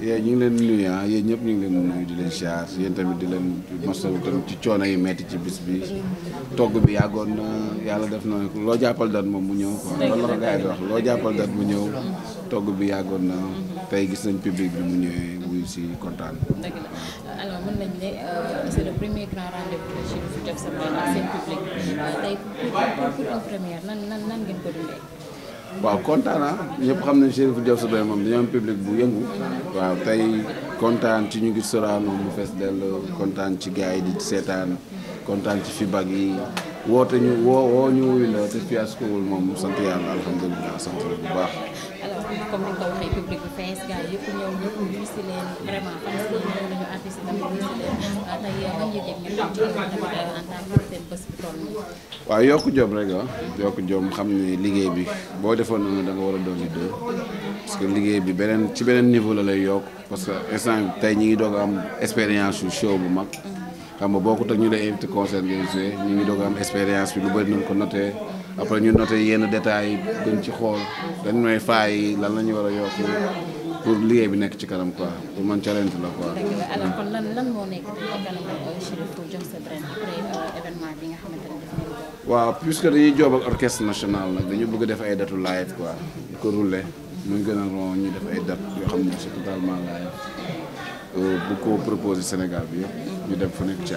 yee ñu ngi leen nuyu ah yéen ñëpp ñu ngi leen nuyu di leen siyaar yéen tamit di leen masawu tamit ci coono yi metti ci bis bi togg bi yàggoon na yàlla def na loo jàppal dat moom mu ñëw jàppal dat mu ñëw togg bi yàggoon na tey gis nañ public bi mu ñëwee muy si kontaan. waaw kontaan ah ñëpp xam ne Chérifou Diop Sobe moom dañoo am public bu yëngu waaw tey kontaan ci ñu gis Sorano mu fees dell kontaan ci gars yi di seetaan kontaan ci feedback yi woote ñu woo woo ñu wuyu te fiasco moom sant yàlla alhamdulilah sant bu baax. alors comme ni rek ah. yokk jom xam ne liggéey bi boo defoon noonu da nga war a doon deux parce que liggéey bi beneen ci beneen niveau la lay yokk parce que instant tey ñi ngi doog a am expérience yu show bu mag. xam nga bokkut ak ñu lay invité concert ngay ñu ngi doog am expérience bi lu bëri nañ ko noté après ñu noté yenn détails yi gën ci xool dañ nooy faay yi lan la ñu war a yokk pour liggéey bi nekk ci kanam quoi pour man challenge la quoi. waaw kon que lan moo euh, dañuy joob ak orchestre national nag dañu bëgg def ay datu live quoi ko roulé muy gën a ron ñu def ay date yoo xam ne c'est totalement live Euh, bu ko proposé Sénégal bi yëpp ñu dem fu nekk ci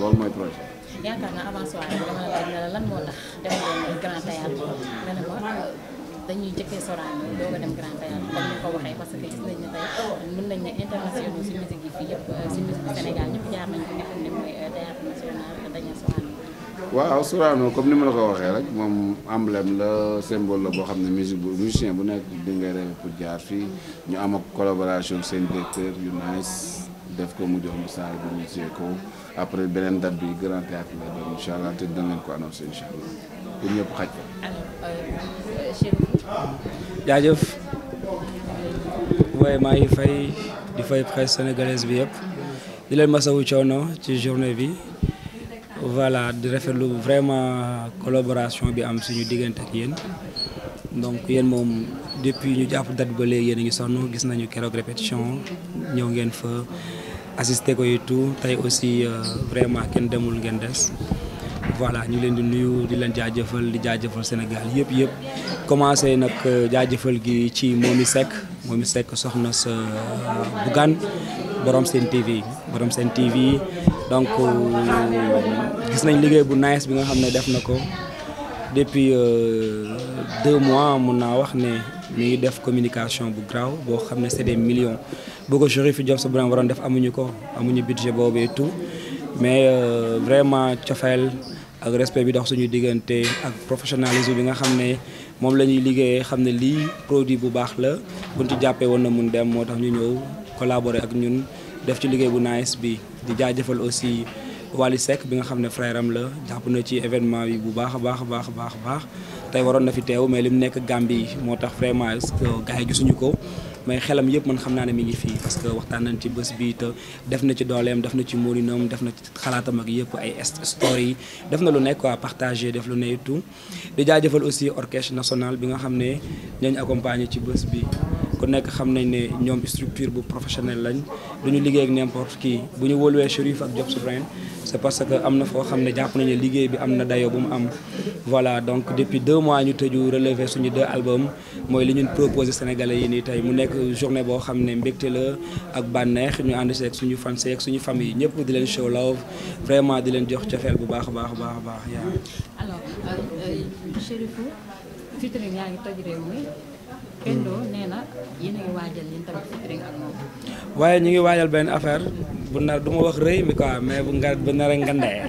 loolu mooy projet. yaakaar naa avance waaye dama la lan moo tax dem leen grand théâtre nga ne ma dañuy jëkkee Sorano doog a dem grand théâtre comme ni ko waxee parce que gis nañ ne tey mën nañ ne internationaux si musique yi fii yëpp si musique Sénégal ñëpp jaar nañ fi xam ne mooy euh, théâtre national dañu Sorano waaw Sorano comme ni ma la ko waxee rek moom emblème la symbole la boo xam ne musique bu musicien bu nekk di ngay rêve pour jaar fii ñu am ak collaboration seen directeur yu nice def ko mu jox mu saal bi ko après beneen date bi grand théâtre la doon incha allah te dinañ leen ko annoncé incha allah pour ñëpp xaj ko. jaajëf waaye maa ngi fay di fay presse sénégalaise bi yëpp di leen masawu coono ci journée bi. voilà di rafetlu vraiment collaboration bi am suñu diggante ak yéen donc yéen moom depuis ñu jàpp date ba léegi yéen a ngi sonn gis nañu keroog répétition ñëw ngeen fa assister ko et tout tey aussi euh, vraiment kenn demul ngeen des. voilà ñu leen di nuyu di leen jaajëfal di jaajëfal Sénégal yëpp yëpp commencé nag euh, jaajëfal gi ci Momy Seck Momy sekk soxna sa euh, Bougane borom seen TV borom seen TV donc euh, gis nañ liggéey bu nice bi nga xam ne def na ko depuis deux mois mun naa wax ne ñu ngi def communication bu graaw boo xam ne c'est des millions boo ko jori fi jom sa borom waroon def amuñu ko amuñu budget boobu et tout mais vraiment cofeel ak respect bi dox suñu diggante ak professionnalisme bi nga xam ne moom la ñuy liggéeyee xam ne lii produit bu baax la buñ ci jàppee woon na mun dem moo tax ñu ñëw collaborer ak ñun def ci liggéey bu nice bi di jaajëfal aussi Wally Seck bi nga xam ne frère am la jàpp na ci événement bi bu baax a baax a baax a baax a baax tey waroon na fi teew mais lim nekk yi moo tax vraiment gars yi suñu ko. mais xelam yëpp man xam naa ne mi ngi fii parce que waxtaan nañ ci bés bi te def na ci dooleem def na ci mooninam def na ci xalaatam ak yëpp ay story yi def na lu nekk quoi partagé def lu ne di jaajëfal aussi orchestre national bi nga xam ne ñooñu accompagné ci bës bi ku nekk xam nañ ne ñoom structure bu professionnel lañ du ñu liggéey ak n'importe qui bu ñu wóoluwee Chérif ak Job Suprême c'est parce que am na foo xam ne jàpp nañu liggéey bi am na dayoo bu mu am voilà donc depuis deux mois ñu tëju relevé suñu deux albums mooy li ñun proposé Sénégalais yi nii tey mu nekk journée boo xam ne mbégte la ak bànneex ñu ànd si suñu fans ak suñu famille ñëpp di leen show love vraiment di leen jox cofeel bu baax baax baa a baax euh, euh, yaa Pendo waaye ñu ngi waajal benn affaire bu nar du ma wax rëy mi quoi mais bu nga bu nar a ngandee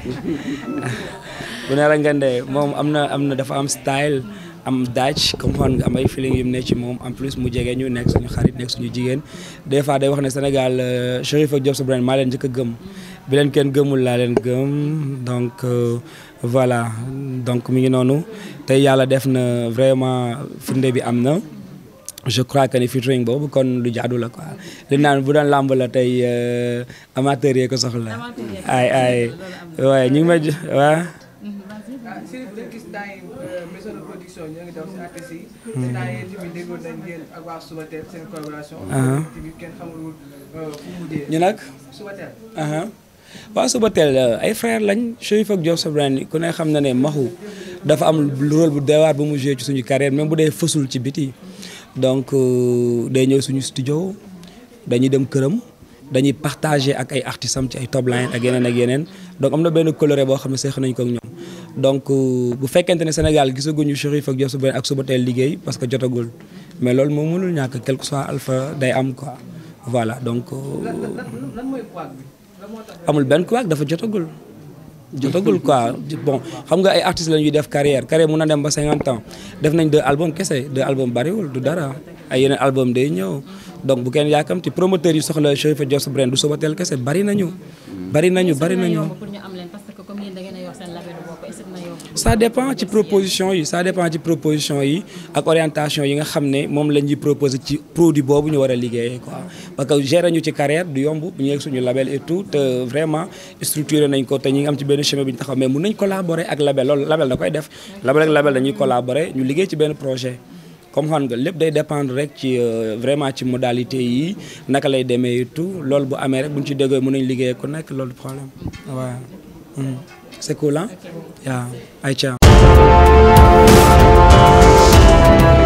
bu moom am na am na dafa am style am daaj comme xoon nga am ay feeling yu ne ci moom en plus mu jege ñu nekk suñu xarit nekk suñu jigéen des fois day wax ne Sénégal euh, Chérif ak Diop Sa Brain maa leen njëkk a gëm bi leen kenn gëmul laa leen gëm donc euh, voilà donc mi ngi noonu te yàlla def na vraiment firnde bi am na je crois que ni featuring boobu kon lu jaadu la quoi li naan bu doon làmb la tey euh, amateur yee ko soxla. ay ay ñu ngi may ah, euh, hmm. waaw. Ah. Euh, ñu nag. waaw Subatel ah, ay frère lañ Chérif ak Diop Sobrani ku ne xam na ne maxu dafa am rôle bu deewaar bu mu joué ci suñu carrière même bu dee fësul ci biti. donc euh, day ñëw suñu studio dañuy dem këram dañuy partager ak ay artistes am ci ay top line ak yeneen ak yeneen donc am na benn coloré boo xam ne seex nañ ko ak ñoom. donc euh, bu fekkente ne Sénégal gisaguñu Chérif ak Youssou Bène ak suba teel liggéey parce que jotagul mais loolu moom mënul ñàkk quel que soit day am quoi voilà donc. Euh, amul benn quoi dafa jotagul. jotagul quoi bon xam nga ay artistes la ñuy def carrière carrière mun na dem ba 50 ans def nañ deux albums kese deux albums bariwul du dara ay yeneen album day ñëw donc bu kenn yaakamti promoteurs yi soxla Chérif Diop Brain du Sobatel kese bari nañu. bari nañu bari nañu. sa dépend ci proposition yi sa dépend ci proposition yi ak orientation yi nga xam ne moom la ñuy proposer ci produit boobu ñu war a liggéeyee quoi parce que gérer ñu ci carrière du yomb bu ñu yegg suñu label et te vraiment structuré nañ ko te ñi ngi am ci benn chemin bi ñu taxaw mais mun nañ collaborer ak label loolu label da koy def label ak label dañuy collaborer ñu liggéey ci benn projet comme xam nga lépp day dépendre rek ci euh, vraiment ci modalité yi naka lay demee tout loolu bu amee rek bu ñu ci déggoo mën nañ liggéey ku nekk loolu problème waaw Mm. C'est cool, hein? Okay. Yeah,